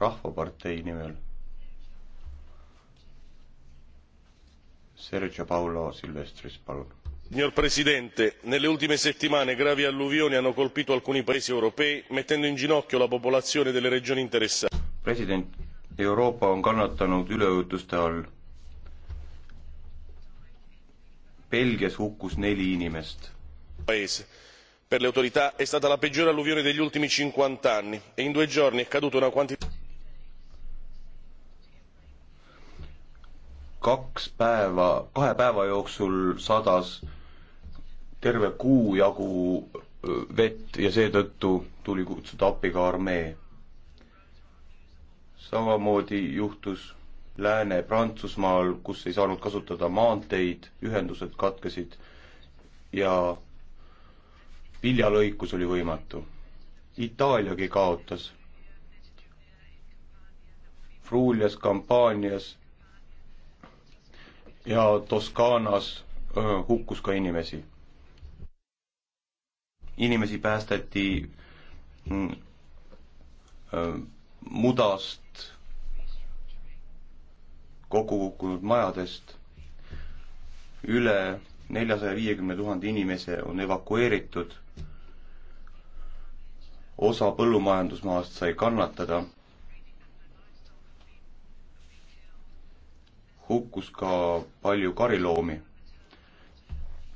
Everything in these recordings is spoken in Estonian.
Rahvapartei nimel Sergio Paolo Silvestris, palun. Signor Presidente, nelle ultime settimane gravi alluvioni hanno colpito alcuni paesi europei, mettendo in ginocchio la popolazione delle regioni interessate. President, Euroopa on kannatanud üleujutuste all. Belgias hukkus neli inimest. Paese per le autorità è stata la peggiore alluvione degli ultimi cinquant'anni e in due giorni è caduta una quantità. kaks päeva, kahe päeva jooksul sadas terve kuu jagu vett ja seetõttu tuli kutsuda appi ka armee. samamoodi juhtus Lääne-Prantsusmaal, kus ei saanud kasutada maanteid, ühendused katkesid ja viljalõikus oli võimatu. Itaaliagi kaotas. Fruulias, Kampaanias ja Toskaanas hukkus ka inimesi. inimesi päästeti mm, mudast, kokku kukkunud majadest, üle neljasaja viiekümne tuhande inimese on evakueeritud, osa põllumajandusmaast sai kannatada hukkus ka palju kariloomi.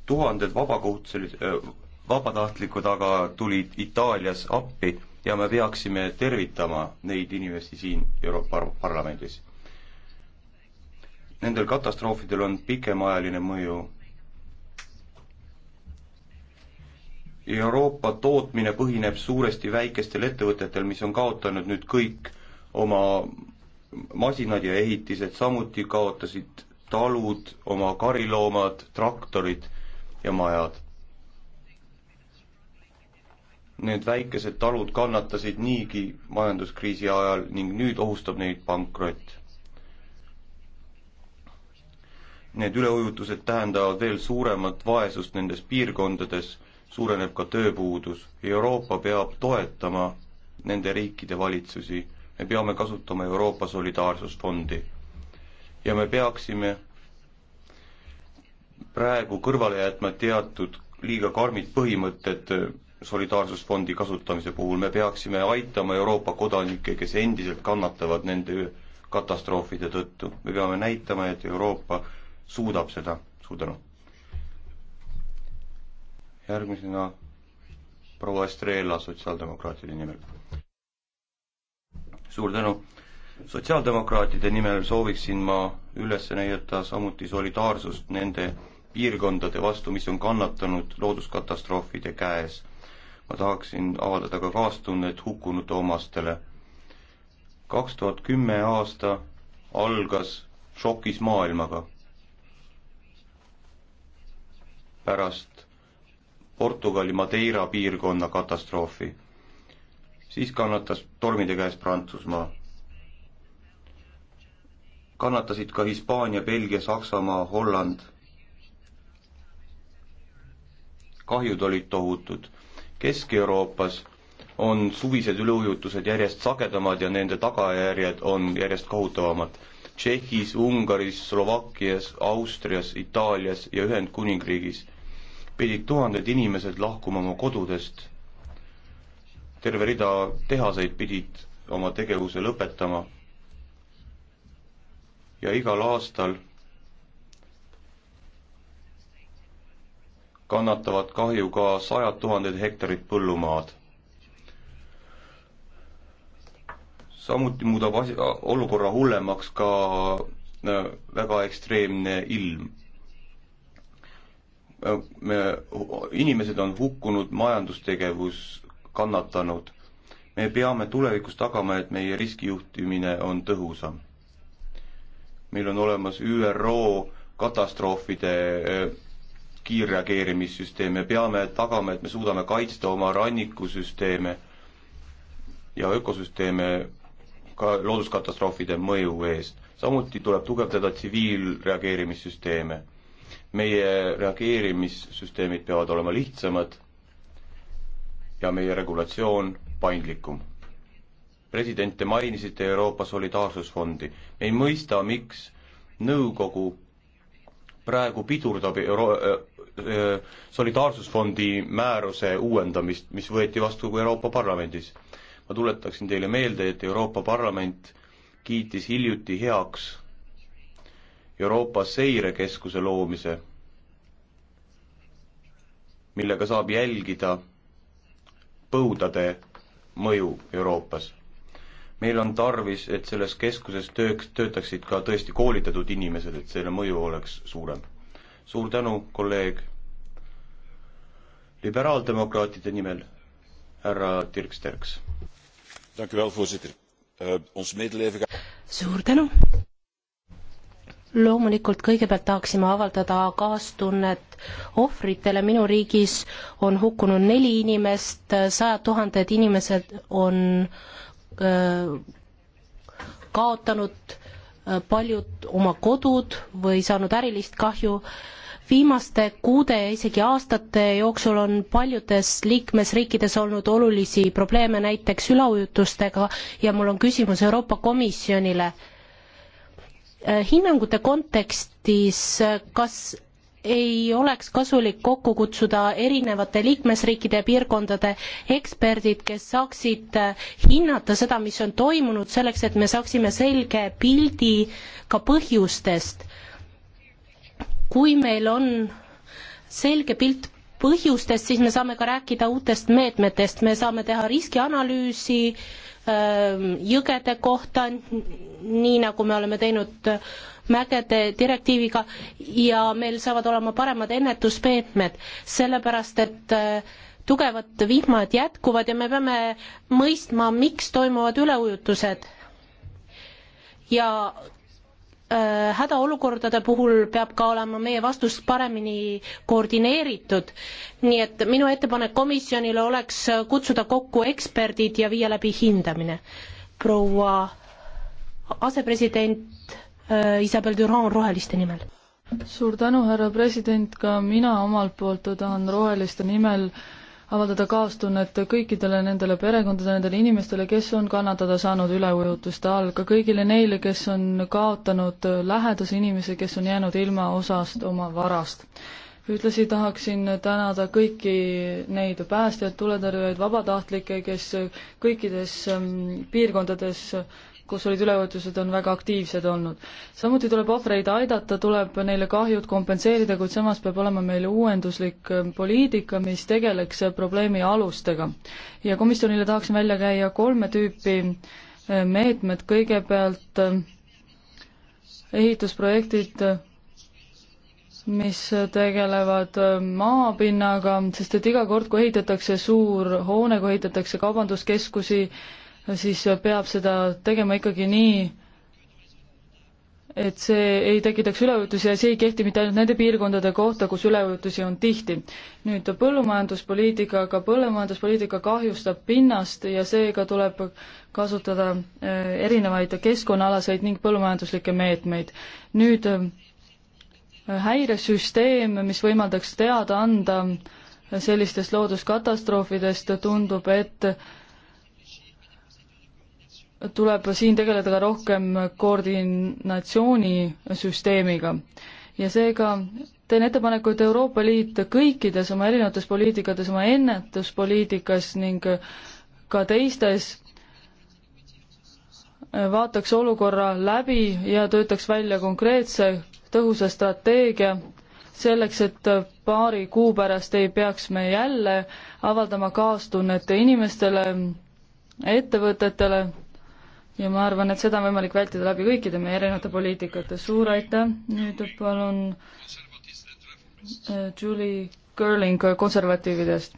tuhanded vabakutselised, vabatahtlikud aga tulid Itaalias appi ja me peaksime tervitama neid inimesi siin Euroopa Parlamendis. Nendel katastroofidel on pikemaajaline mõju. Euroopa tootmine põhineb suuresti väikestel ettevõtetel, mis on kaotanud nüüd kõik oma masinad ja ehitised, samuti kaotasid talud oma kariloomad, traktorid ja majad. Need väikesed talud kannatasid niigi majanduskriisi ajal ning nüüd ohustab neid pankrott need üleujutused tähendavad veel suuremat vaesust nendes piirkondades, suureneb ka tööpuudus. Euroopa peab toetama nende riikide valitsusi me peame kasutama Euroopa Solidaarsusfondi ja me peaksime praegu kõrvale jätma teatud liiga karmid põhimõtted solidaarsusfondi kasutamise puhul, me peaksime aitama Euroopa kodanikke, kes endiselt kannatavad nende katastroofide tõttu. me peame näitama, et Euroopa suudab seda, suur tänu. järgmisena proua Estrela sotsiaaldemokraatide nimel suur tänu. sotsiaaldemokraatide nimel sooviksin ma üles näidata samuti solidaarsust nende piirkondade vastu, mis on kannatanud looduskatastroofide käes. ma tahaksin avaldada ka kaastunnet hukkunute omastele. kaks tuhat kümme aasta algas šokis maailmaga. pärast Portugali Madeira piirkonna katastroofi siis kannatas tormide käes Prantsusmaa. kannatasid ka Hispaania, Belgia, Saksamaa, Holland. kahjud olid tohutud. Kesk-Euroopas on suvised üleujutused järjest sagedamad ja nende tagajärjed on järjest kohutavamad. Tšehhis, Ungaris, Slovakkias, Austrias, Itaalias ja Ühendkuningriigis pidid tuhanded inimesed lahkuma oma kodudest terve rida tehaseid pidid oma tegevuse lõpetama ja igal aastal kannatavad kahju ka sajad tuhanded hektarid põllumaad. samuti muudab asi, olukorra hullemaks ka äh, väga ekstreemne ilm. Äh, me, inimesed on hukkunud, majandustegevus kannatanud. me peame tulevikus tagama, et meie riskijuhtimine on tõhusam. meil on olemas ÜRO katastroofide äh, kiirreageerimissüsteem, me peame tagama, et me suudame kaitsta oma rannikusüsteeme ja ökosüsteeme ka looduskatastroofide mõju eest. samuti tuleb tugevdada tsiviilreageerimissüsteeme meie reageerimissüsteemid peavad olema lihtsamad ja meie regulatsioon paindlikum. president, te mainisite Euroopa Solidaarsusfondi. ei mõista, miks nõukogu praegu pidurdab Euro-, äh, äh solidaarsusfondi määruse uuendamist, mis võeti vastu Euroopa Parlamendis. ma tuletaksin teile meelde, et Euroopa Parlament kiitis hiljuti heaks Euroopa Seirekeskuse loomise, millega saab jälgida põudade mõju Euroopas. meil on tarvis, et selles keskuses tööks, töötaksid ka tõesti koolitatud inimesed, et selle mõju oleks suurem. suur tänu, kolleeg. liberaaldemokraatide nimel härra Dirk Sterks. Eh, suur tänu loomulikult kõigepealt tahaksime avaldada kaastunnet ohvritele, minu riigis on hukkunud neli inimest, sajad tuhanded inimesed on öö, kaotanud paljud oma kodud või saanud ärilist kahju. viimaste kuude ja isegi aastate jooksul on paljudes liikmesriikides olnud olulisi probleeme näiteks üleujutustega ja mul on küsimus Euroopa Komisjonile Äh, hinnangute kontekstis, äh, kas ei oleks kasulik kokku kutsuda erinevate liikmesriikide ja piirkondade eksperdid, kes saaksid äh, hinnata seda, mis on toimunud, selleks et me saaksime selge pildi ka põhjustest. kui meil on selge pilt põhjustest, siis me saame ka rääkida uutest meetmetest, me saame teha riskianalüüsi, Ähm, jõgede kohta, nii nagu me oleme teinud mägede direktiiviga ja meil saavad olema paremad ennetusmeetmed, sellepärast et äh, tugevad vihmad jätkuvad ja me peame mõistma, miks toimuvad üleujutused. ja Äh, hädaolukordade puhul peab ka olema meie vastus paremini koordineeritud. nii et minu ettepanek komisjonile oleks kutsuda kokku eksperdid ja viia läbi hindamine. proua asepresident äh, Isabel Durand Roheliste nimel. suur tänu, härra president, ka mina omalt poolt tahan Roheliste nimel avaldada kaastunnet kõikidele nendele perekondadele, nendele inimestele, kes on kannatada saanud üleujutuste all, ka kõigile neile, kes on kaotanud lähedase inimese, kes on jäänud ilma osast oma varast. ühtlasi tahaksin tänada kõiki neid päästjaid, tuletõrjujaid, vabatahtlikke, kes kõikides mm, piirkondades kus olid üleujutused, on väga aktiivsed olnud. samuti tuleb ohvreid aidata, tuleb neile kahjud kompenseerida, kuid samas peab olema meil uuenduslik ähm, poliitika, mis tegeleks äh, probleemi alustega. ja komisjonile tahaksin välja käia kolme tüüpi äh, meetmed, kõigepealt äh, ehitusprojektid, mis tegelevad maapinnaga, sest et iga kord, kui ehitatakse suur hoone, kui ehitatakse kaubanduskeskusi, siis peab seda tegema ikkagi nii, et see ei tekitaks üleujutusi ja see ei kehti mitte ainult nende piirkondade kohta, kus üleujutusi on tihti. nüüd põllumajanduspoliitika, ka põllumajanduspoliitika kahjustab pinnast ja seega tuleb kasutada eh, erinevaid keskkonnaalaseid ning põllumajanduslikke meetmeid. nüüd eh, häiresüsteem, mis võimaldaks teada anda sellistest looduskatastroofidest, tundub, et tuleb siin tegeleda ka rohkem koordinatsioonisüsteemiga ja seega teen ettepaneku, et Euroopa Liit kõikides oma erinevates poliitikates, oma ennetuspoliitikas ning ka teistes vaataks olukorra läbi ja töötaks välja konkreetse tõhusa strateegia selleks, et paari kuu pärast ei peaks me jälle avaldama kaastunnet inimestele, ettevõtetele ja ma arvan, et seda on võimalik vältida läbi kõikide meie erinevate poliitikate. suur aitäh, nüüd palun äh, Julie Girling konservatiividest.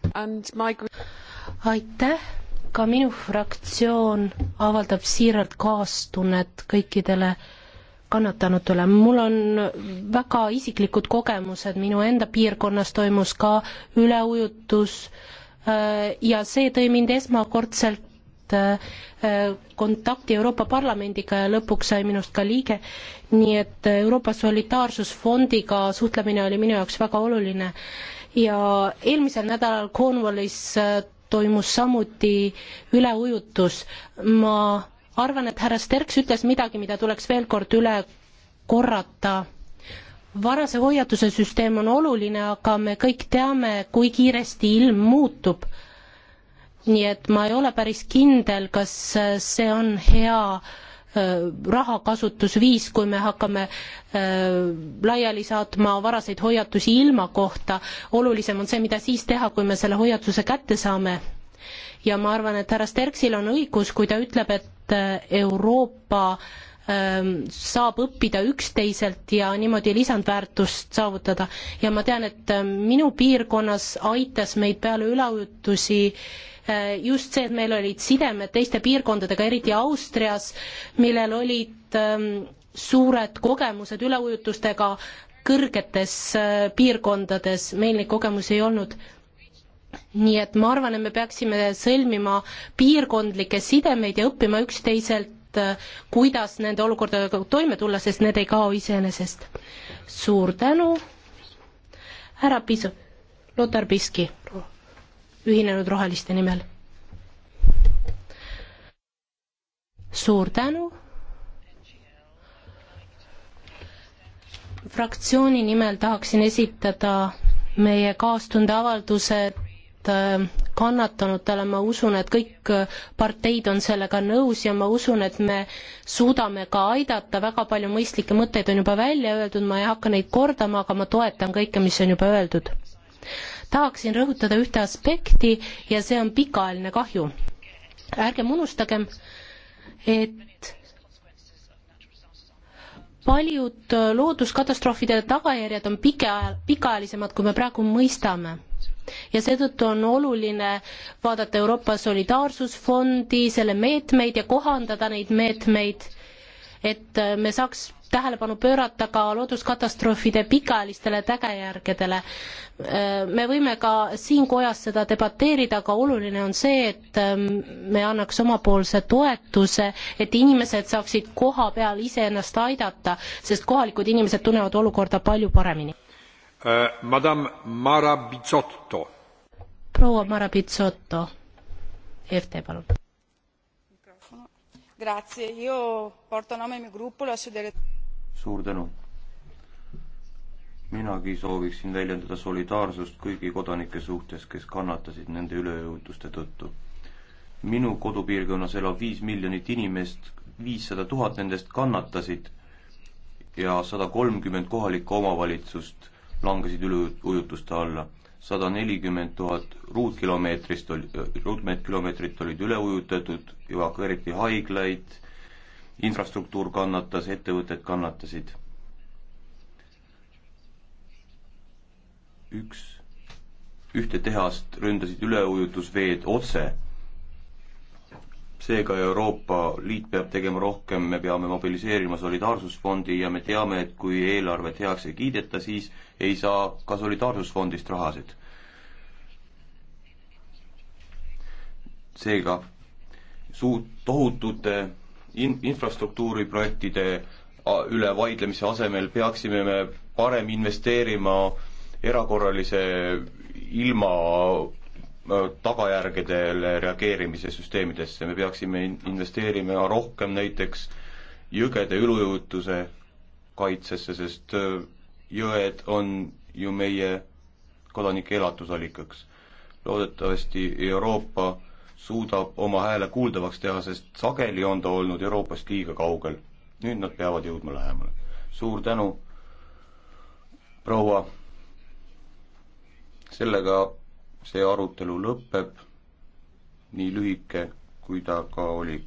aitäh, ka minu fraktsioon avaldab siiralt kaastunnet kõikidele kannatanutele. mul on väga isiklikud kogemused, minu enda piirkonnas toimus ka üleujutus äh, ja see tõi mind esmakordselt Äh, kontakti Euroopa Parlamendiga ja lõpuks sai minust ka liige, nii et Euroopa Solidaarsusfondiga suhtlemine oli minu jaoks väga oluline. ja eelmisel nädalal Cornwallis äh, toimus samuti üleujutus. ma arvan, et härra Sterks ütles midagi, mida tuleks veel kord üle korrata varase hoiatuse süsteem on oluline, aga me kõik teame, kui kiiresti ilm muutub nii et ma ei ole päris kindel, kas äh, see on hea äh, rahakasutusviis, kui me hakkame äh, laiali saatma varaseid hoiatusi ilma kohta, olulisem on see, mida siis teha, kui me selle hoiatuse kätte saame. ja ma arvan, et härra Sterksil on õigus, kui ta ütleb, et Euroopa ähm, saab õppida üksteiselt ja niimoodi lisandväärtust saavutada. ja ma tean, et minu piirkonnas aitas meid peale üleujutusi äh, Äh, just see, et meil olid sidemed teiste piirkondadega, eriti Austrias, millel olid ähm, suured kogemused üleujutustega kõrgetes äh, piirkondades, meil neid kogemusi ei olnud. nii et ma arvan, et me peaksime sõlmima piirkondlikke sidemeid ja õppima üksteiselt äh, kuidas nende olukordadega toime tulla, sest need ei kao iseenesest. suur tänu, härra Pis-, Lotar Piski ühinenud roheliste nimel. suur tänu. fraktsiooni nimel tahaksin esitada meie kaastundeavaldused äh, kannatanutele, ma usun, et kõik parteid on sellega nõus ja ma usun, et me suudame ka aidata, väga palju mõistlikke mõtteid on juba välja öeldud, ma ei hakka neid kordama, aga ma toetan kõike, mis on juba öeldud tahaksin rõhutada ühte aspekti ja see on pikaajaline kahju. ärgem unustagem, et paljud looduskatastroofide tagajärjed on pika, pikaajalisemad, kui me praegu mõistame. ja seetõttu on oluline vaadata Euroopa Solidaarsusfondi, selle meetmeid ja kohandada neid meetmeid et äh, me saaks tähelepanu pöörata ka looduskatastroofide pikaajalistele tagajärgedele. Äh, me võime ka siin kojas seda debateerida, aga oluline on see, et ähm, me annaks omapoolse toetuse, et inimesed saaksid koha peal iseennast aidata, sest kohalikud inimesed tunnevad olukorda palju paremini äh,. Madame Mara Bizzotto. proua Mara Bizzotto, EFT palun suur tänu. minagi sooviksin väljendada solidaarsust kõigi kodanike suhtes, kes kannatasid nende üleujutuste tõttu. minu kodupiirkonnas elab viis miljonit inimest, viissada tuhat nendest kannatasid ja sada kolmkümmend kohalikku omavalitsust langesid üleujutuste alla sada nelikümmend tuhat ruutkilomeetrist oli, ruutkilomeetrit olid üle ujutatud, evakueeriti haiglaid, infrastruktuur kannatas, ettevõtted kannatasid. üks, ühte tehast ründasid üleujutusveed otse seega Euroopa Liit peab tegema rohkem, me peame mobiliseerima Solidaarsusfondi ja me teame, et kui eelarvet heaks ei kiideta, siis ei saa ka Solidaarsusfondist rahasid. seega suut-, tohutute in-, infrastruktuuriprojektide üle vaidlemise asemel peaksime me parem investeerima erakorralise ilma Äh, tagajärgedele reageerimise süsteemidesse, me peaksime investeerima rohkem näiteks jõgede ülujutuse kaitsesse, sest äh, jõed on ju meie kodanike elatusallikaks. loodetavasti Euroopa suudab oma hääle kuuldavaks teha, sest sageli on ta olnud Euroopast liiga kaugel. nüüd nad peavad jõudma lähemale. suur tänu, proua, sellega see arutelu lõpeb, nii lühike, kui ta ka oli